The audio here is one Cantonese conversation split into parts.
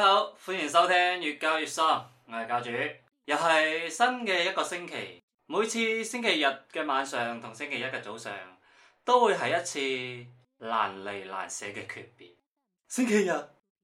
大家好，歡迎收聽粵教粵喪，我係教主，又係新嘅一個星期。每次星期日嘅晚上同星期一嘅早上，都會係一次難離難捨嘅訣別。星期日，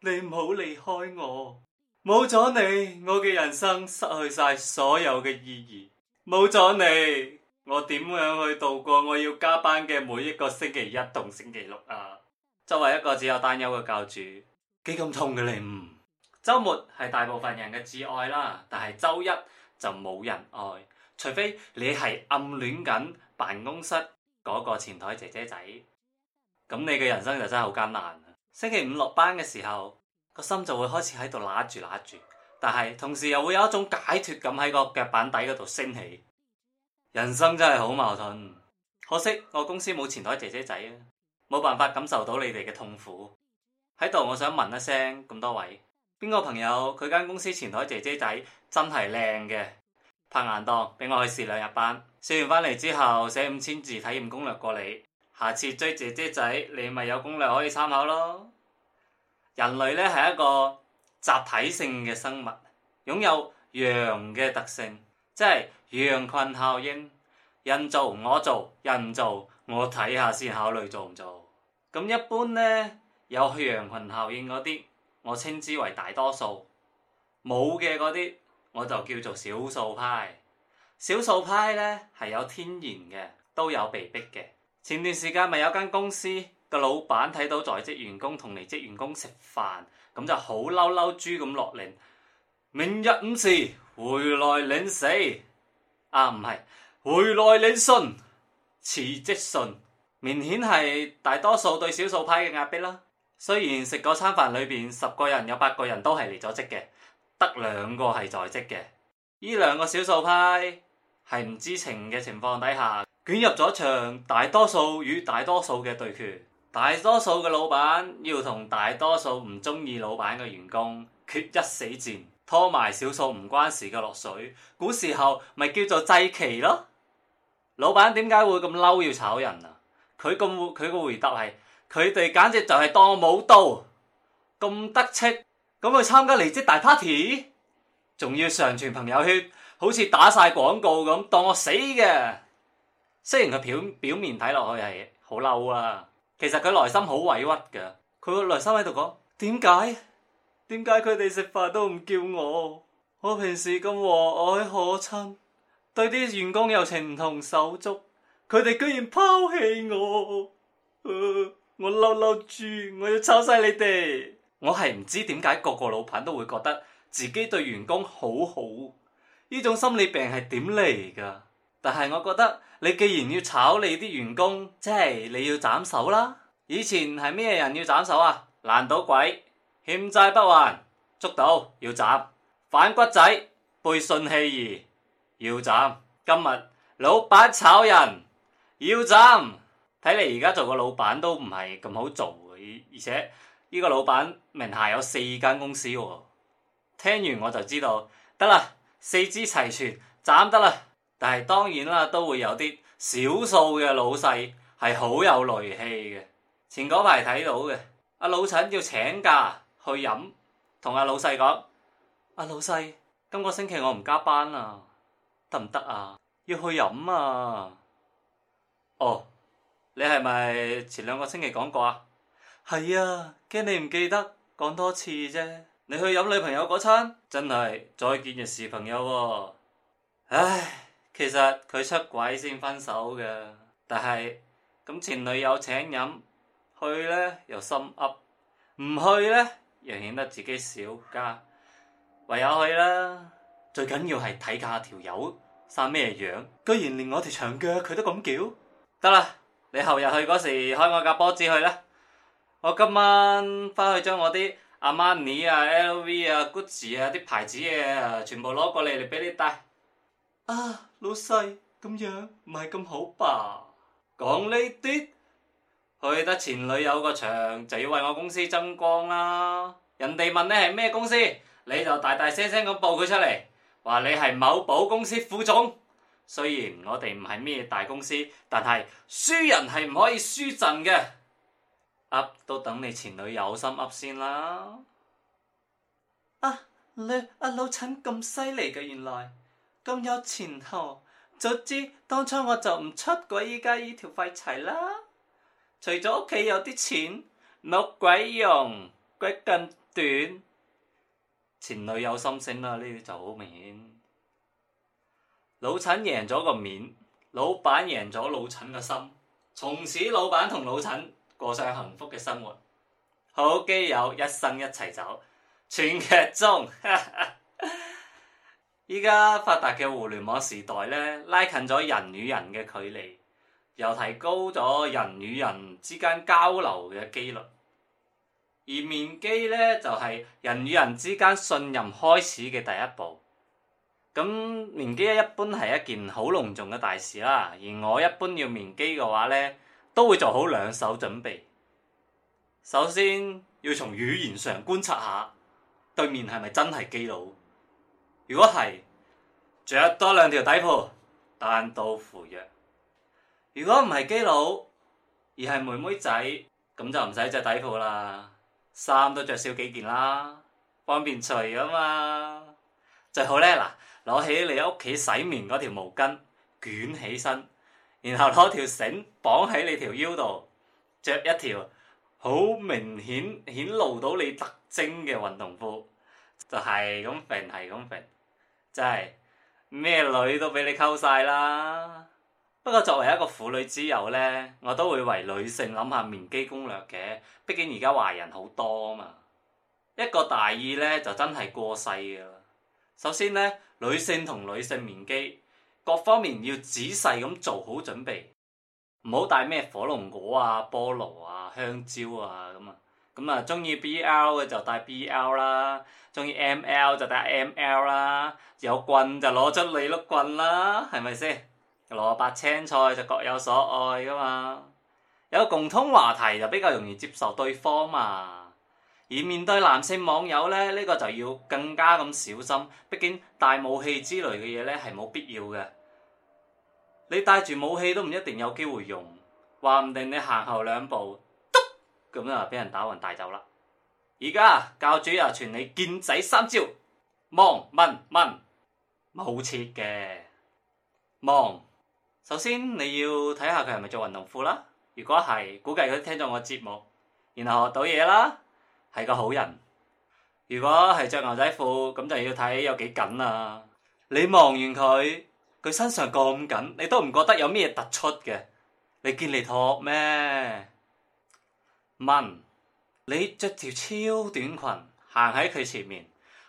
你唔好離開我，冇咗你，我嘅人生失去晒所有嘅意義。冇咗你，我點樣去度過我要加班嘅每一個星期一同星期六啊？作為一個只有單休嘅教主，幾咁痛嘅領悟？周末係大部分人嘅摯愛啦，但係周一就冇人愛，除非你係暗戀緊辦公室嗰個前台姐姐仔，咁你嘅人生就真係好艱難。星期五落班嘅時候，個心就會開始喺度揦住揦住，但係同時又會有一種解脫感喺個腳板底嗰度升起。人生真係好矛盾，可惜我公司冇前台姐姐仔啊，冇辦法感受到你哋嘅痛苦。喺度我想問一聲，咁多位？邊個朋友佢間公司前台姐姐仔真係靚嘅，拍硬檔，畀我去試兩日班，試完翻嚟之後寫五千字體驗攻略過你，下次追姐姐仔你咪有攻略可以參考咯。人類咧係一個集體性嘅生物，擁有羊嘅特性，即係羊群效應，人做我做，人唔做我睇下先考慮做唔做。咁一般咧有羊群效應嗰啲，我稱之為大多數，冇嘅嗰啲我就叫做少數派。少數派呢係有天然嘅，都有被逼嘅。前段時間咪有間公司嘅老闆睇到在職員工同離職員工食飯，咁就好嬲嬲豬咁落令，明日午時，回來領死。啊，唔係，回來領信，辭職信，明顯係大多數對少數派嘅壓迫啦。雖然食嗰餐飯裏邊十個人有八個人都係離咗職嘅，得兩個係在職嘅。呢兩個少數派係唔知情嘅情況底下捲入咗場大多數與大多數嘅對決。大多數嘅老闆要同大多數唔中意老闆嘅員工決一死戰，拖埋少數唔關事嘅落水。古時候咪叫做祭旗咯。老闆點解會咁嬲要炒人啊？佢咁佢個回答係。佢哋簡直就係當我冇到，咁得戚咁去參加離職大 party，仲要上傳朋友圈，好似打晒廣告咁，當我死嘅。雖然佢表表面睇落去係好嬲啊，其實佢內心好委屈噶。佢個內心喺度講：點解？點解佢哋食飯都唔叫我？我平時咁和藹可親，對啲員工又情同手足，佢哋居然拋棄我。呃我嬲嬲住,我要炒晒你哋。我係唔知點解個個老闆都會覺得自己對員工好好，呢種心理病係點嚟噶？但係我覺得你既然要炒你啲員工，即係你要斬手啦。以前係咩人要斬手啊？爛賭鬼，欠債不還，捉到要斬，反骨仔，背信棄義，要斬。今日，老闆炒人，要斬。睇嚟而家做個老闆都唔係咁好做嘅，而且呢個老闆名下有四間公司喎、哦。聽完我就知道，得啦，四肢齊全，斬得啦。但係當然啦，都會有啲少數嘅老細係好有義氣嘅。前嗰排睇到嘅，阿老陳要請假去飲，同阿老細講：，阿老細，今個星期我唔加班啦，得唔得啊？要去飲啊？哦。你係咪前兩個星期講過啊？係啊，驚你唔記得講多次啫。你去飲女朋友嗰餐，真係再見亦是朋友啊。唉，其實佢出軌先分手嘅，但係咁前女友請飲去咧又心噏，唔去咧又顯得自己小家，唯有去啦。最緊要係睇下條友生咩樣，居然連我條長腳佢都咁叫，得啦。你後日去嗰時開我架波子去啦！我今晚翻去將我啲阿瑪尼啊、LV 啊、古馳啊啲牌子嘢、啊、全部攞過嚟嚟俾你戴啊，老細咁樣唔係咁好吧？講呢啲，去得前女友個場就要為我公司增光啦！人哋問你係咩公司，你就大大聲聲咁報佢出嚟，話你係某寶公司副總。雖然我哋唔係咩大公司，但係輸人係唔可以輸陣嘅。噏、啊、都等你前女友心噏先啦。啊，你啊，老陳咁犀利嘅，原來咁有前途。早知當初我就唔出軌，依家依條廢柴啦。除咗屋企有啲錢，冇鬼用，鬼咁短。前女友心聲啦、啊，呢啲就好明顯。老陳贏咗個面，老闆贏咗老陳嘅心，從此老闆同老陳過上幸福嘅生活。好基友一生一齊走，全劇終。依 家發達嘅互聯網時代呢，拉近咗人與人嘅距離，又提高咗人與人之間交流嘅幾率。而面基呢，就係人與人之間信任開始嘅第一步。咁面基一般係一件好隆重嘅大事啦。而我一般要面基嘅話咧，都會做好兩手準備。首先要從語言上觀察下對面係咪真係基佬。如果係，着多兩條底褲，單刀赴約。如果唔係基佬，而係妹妹仔，咁就唔使着底褲啦，衫都着少幾件啦，方便除啊嘛。最好咧，嗱，攞起你屋企洗面嗰條毛巾捲起身，然後攞條繩綁喺你條腰度，着一條好明顯顯露到你特徵嘅運動褲，就係咁揈，係咁揈，真係咩女都俾你溝晒啦。不過作為一個婦女之友咧，我都會為女性諗下面基攻略嘅，畢竟而家壞人好多啊嘛。一個大意咧，就真係過世噶啦～首先咧，女性同女性面基，各方面要仔細咁做好準備，唔好帶咩火龍果啊、菠蘿啊、香蕉啊咁啊。咁啊，中意 B L 嘅就帶 B L 啦，中意 M L 就帶 M L 啦，有棍就攞出你碌棍啦，係咪先？蘿蔔青菜就各有所愛噶嘛，有共通話題就比較容易接受對方嘛。而面對男性網友咧，呢、這個就要更加咁小心。畢竟帶武器之類嘅嘢咧係冇必要嘅。你帶住武器都唔一定有機會用，話唔定你行後兩步，咁啊俾人打暈帶走啦。而家教主啊傳你見仔三招，望聞問冇切嘅望。首先你要睇下佢係咪著運動褲啦。如果係，估計佢聽咗我節目，然後學到嘢啦。係個好人。如果係着牛仔褲，咁就要睇有幾緊啦、啊。你望完佢，佢身上咁緊，你都唔覺得有咩突出嘅。你見你托咩？聞。你着條超短裙，行喺佢前面，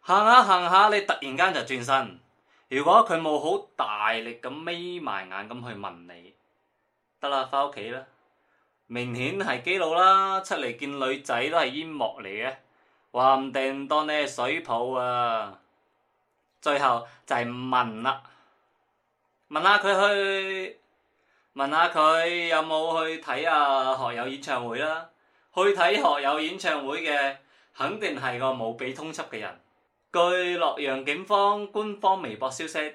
行下行下，你突然間就轉身。如果佢冇好大力咁眯埋眼咁去聞你，得啦，翻屋企啦。明顯係基佬啦，出嚟見女仔都係煙幕嚟嘅，話唔定當你係水泡啊！最後就係問啦，問下佢去，問下佢有冇去睇阿學友演唱會啦？去睇學友演唱會嘅，肯定係個冇俾通緝嘅人。據洛陽警方官方微博消息，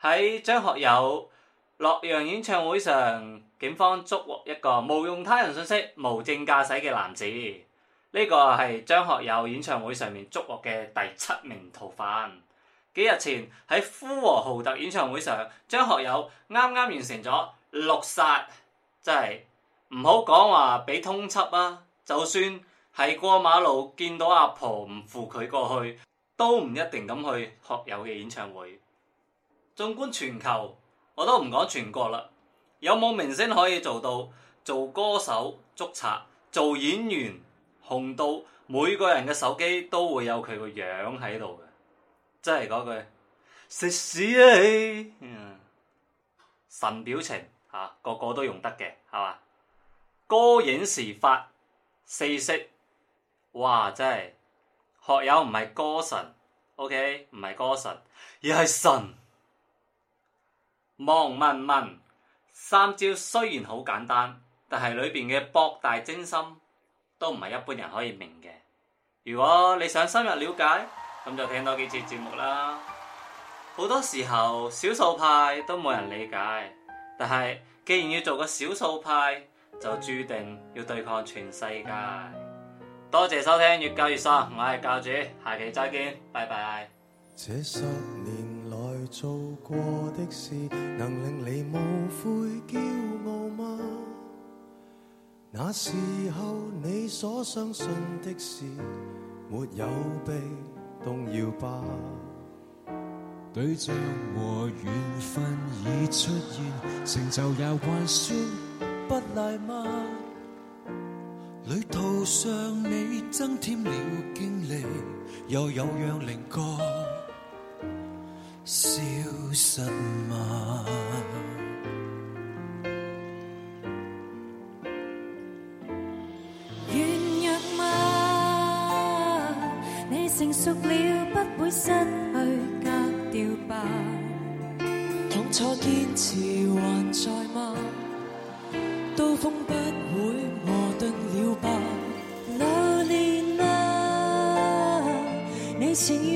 喺張學友洛陽演唱會上，警方捉獲一個冒用他人信息、無證駕駛嘅男子，呢個係張學友演唱會上面捉獲嘅第七名逃犯。幾日前喺呼和浩特演唱會上，張學友啱啱完成咗六殺，真係唔好講話俾通緝啊！就算係過馬路見到阿婆唔扶佢過去，都唔一定敢去學友嘅演唱會。縱觀全球，我都唔講全國啦。有冇明星可以做到做歌手、捉賊、做演員紅到每個人嘅手機都會有佢個樣喺度嘅？即係嗰句食屎啊！C 嗯」神表情吓、啊，個個都用得嘅，係嘛？歌影視發四色，哇！真係學友唔係歌神，OK，唔係歌神，而係神。望文文。三招雖然好簡單，但係裏邊嘅博大精深都唔係一般人可以明嘅。如果你想深入了解，咁就聽多幾次節目啦。好多時候少數派都冇人理解，但係既然要做個少數派，就注定要對抗全世界。多謝收聽，粵教粵喪，我係教主，下期再見，拜拜。做過的事，能令你無悔驕傲嗎？那時候你所相信的事，沒有被動搖吧？對象和緣分已出現，成就也還算不賴嗎？旅途上你增添了經歷，又有樣靈覺。消失嗎？啊、軟弱嗎？你成熟了不會失去格調吧？當初堅持還在嗎？刀鋒不會磨鈍了吧？留念啊！你似。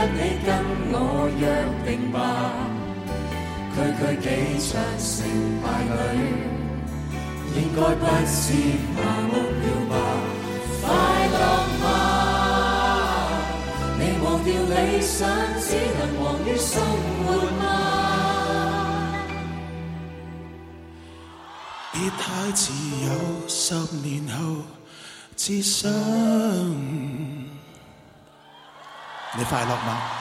跟你跟我約定吧，區區幾場成敗裏，應該不是麻木了吧？快樂嗎？你忘掉理想，只能忙於生活嗎？別太自由，十年後只想。你快樂嗎？